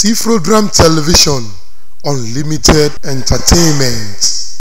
See Television, Unlimited Entertainment.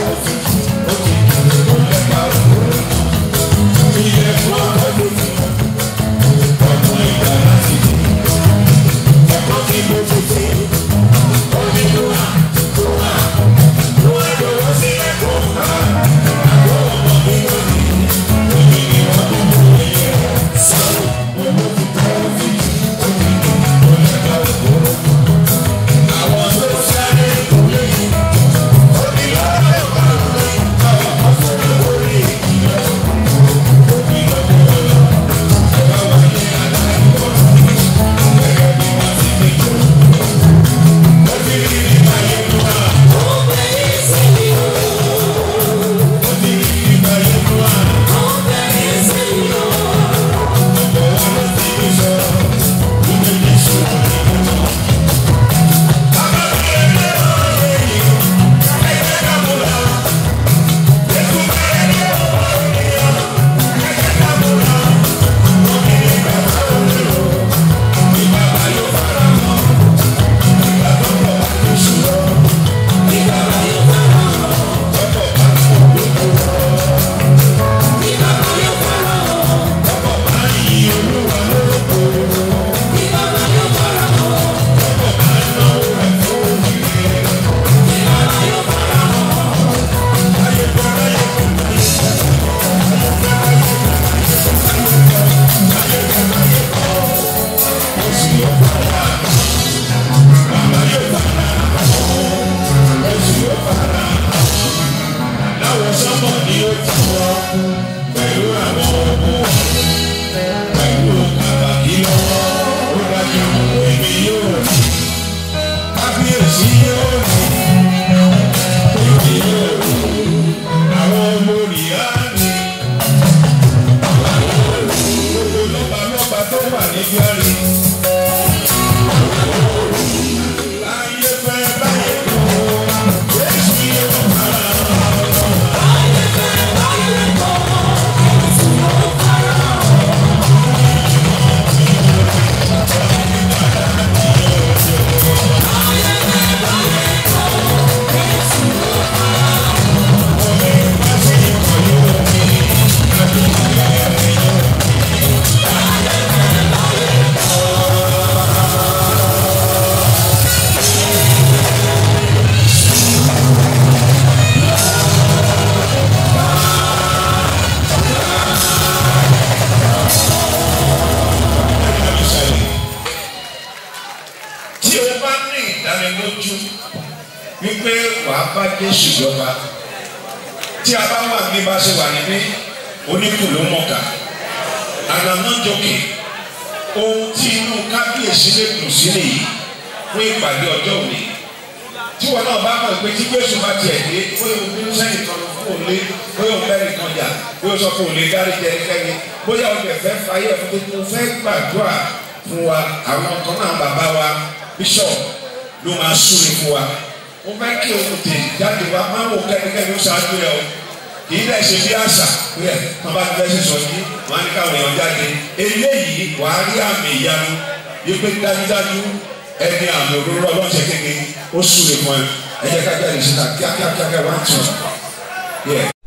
Yes. You wípé wàá bá Jésù jọba tí a bá wà ní bá ṣe wà níbí oníkù ló mọ̀ọ́kà ànàmọ́jọkè ohun tí inú kábíyèsí lè kù sí nìyí fún ìpàdé ọjọ́ òní tí wọn náà bá mọ̀ pé tí Jésù bá tiẹ̀ dé bóyá o bínú sẹ́yìn kan fún òun lé bóyá o bẹ́ẹ̀ nìkan jà bóyá o sọ fún òun lé dárí jẹ ẹnikẹ́ni bóyá o bẹ̀ fẹ́ fàyè fún mi mo fẹ́ gbàdúrà fún wa àwọn kan náà bàbá wa bíṣọ̀ ló máa súnmi fún wa mo fẹ́ kí o tè jáde wá máa wò kẹ́nikẹ́ni ó ṣáájú rẹ o kì í dẹ̀ ṣe bí àṣà rẹ tó bá ti fẹ́ ṣe sọ yìí wọn á ní káwọn èèyàn jáde eléyìí wàá rí àmì ìyanu yìí pé dájúdájú ẹni àmì òróró ọlọ́ọ̀ṣẹ́ kékeré ó súre mọ́ ẹ ẹ jẹ́ ká jáde síta kíákíákíá wá ń tún.